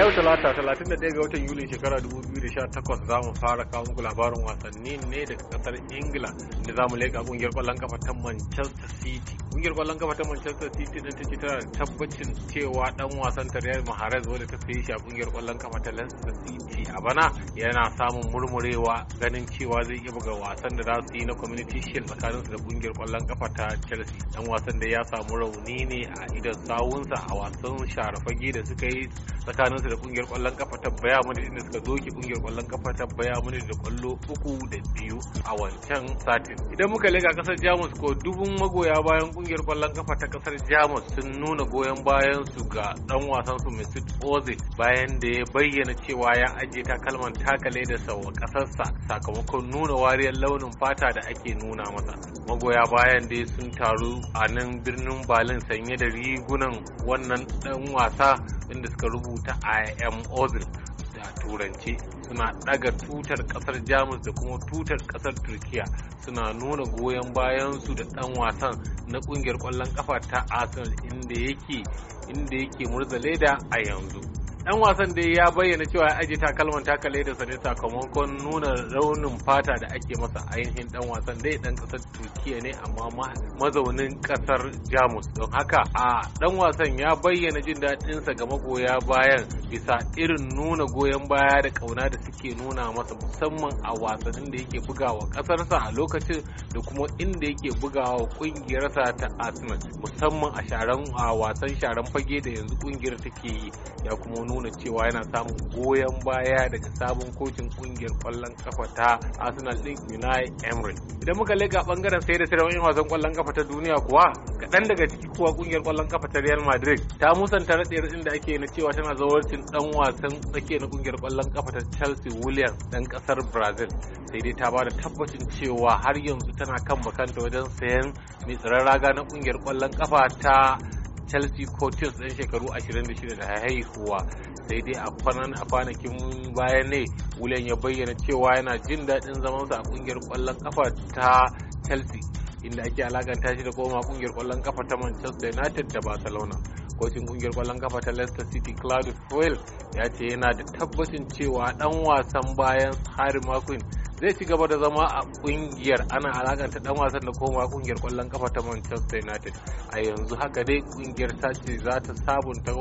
yau talata ɗaya ga watan yuli shekara dubu biyu 2018 za mu fara kawo muku labarin wasanni ne daga kasar ingila da za mu leƙa ƙungiyar ƙwallon kafa ta manchester city kungiyar kwallon kafa ta Manchester City din ci tana tabbacin cewa dan wasan ta Real Mahrez wanda ta sayi shi a kungiyar kwallon kafa ta Leicester City a bana yana samun murmurewa ganin cewa zai iya buga wasan da za su yi na Community Shield tsakanin su da kungiyar kwallon kafa ta Chelsea dan wasan da ya samu rauni ne a idan sawunsa a wasan sharafage da suka yi tsakanin su da kungiyar kwallon kafa ta Bayern Munich inda suka doke kungiyar kwallon kafa ta baya Munich da kwallo uku da biyu a wancan satin idan muka lega kasar Jamus ko dubun magoya bayan kungiyar kungiyar kwallon kafa ta kasar jamus sun nuna goyon bayan su ga dan wasan su mesut ozil bayan da ya bayyana cewa ya ajiye takalman takale da sau kasarsa sakamakon nuna wariyar launin fata da ake nuna masa magoya bayan da sun taru a nan birnin berlin sanye da rigunan wannan dan wasa inda suka rubuta i am ozil da turanci suna daga tutar kasar jamus da kuma tutar kasar turkiya suna nuna goyon bayan su da dan wasan na kungiyar kwallon kafa ta arsenal inda yake inda yake murza leda a yanzu Ɗan wasan dai ya bayyana cewa ya ajiye takalman takale da sane sakamakon nuna raunin fata da ake masa ainihin dan wasan dai dan kasar turkiya ne amma mazaunin kasar jamus don haka a dan wasan ya bayyana jin daɗinsa ga magoya bayan bisa irin nuna goyon baya da kauna da suke nuna masa musamman a wasannin da yake bugawa kasarsa a lokacin da kuma inda yake bugawa kungiyarsa ta arsenal musamman a sharan a wasan sharan fage da yanzu kungiyar take yi ya kuma nuna cewa yana samun goyon baya daga sabon kocin kungiyar kwallon kafa ta Arsenal din Unai Emery. Idan muka leka bangaren sai da sai yan wasan kwallon kafa ta duniya kuwa kaɗan daga ciki kuwa kungiyar kwallon kafa ta Real Madrid ta musanta rade din da ake na cewa tana zawarcin dan wasan tsakiya na kungiyar kwallon kafa ta Chelsea William dan kasar Brazil. Sai dai ta ba da tabbacin cewa har yanzu tana kan makanta wajen sayan mai tsaron raga na kungiyar kwallon kafa ta chelsea coaches ɗin shekaru 26 da haihuwa sai dai a kwanakin bayan ne william ya bayyana cewa yana jin daɗin zamansa a ƙungiyar ƙwallon kafa ta chelsea inda ake alakanta shi da koma ƙungiyar ƙwallon kafa ta manchester united da barcelona kocin kungiyar kwallon kafa ta Leicester City Claude Puel ya ce yana da tabbacin cewa dan wasan bayan Harry Maguire zai ci gaba da zama a kungiyar ana alakanta dan wasan da koma kungiyar kwallon kafa ta Manchester United a yanzu haka dai kungiyar ta ce za ta sabunta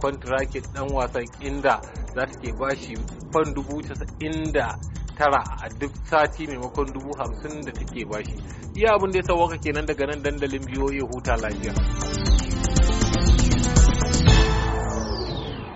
contract dan wasan inda za ta ke bashi fan dubu inda tara a duk sati maimakon dubu hamsin da ke bashi iya abin da ya sauwaka kenan daga nan dandalin biyo ya huta lafiya.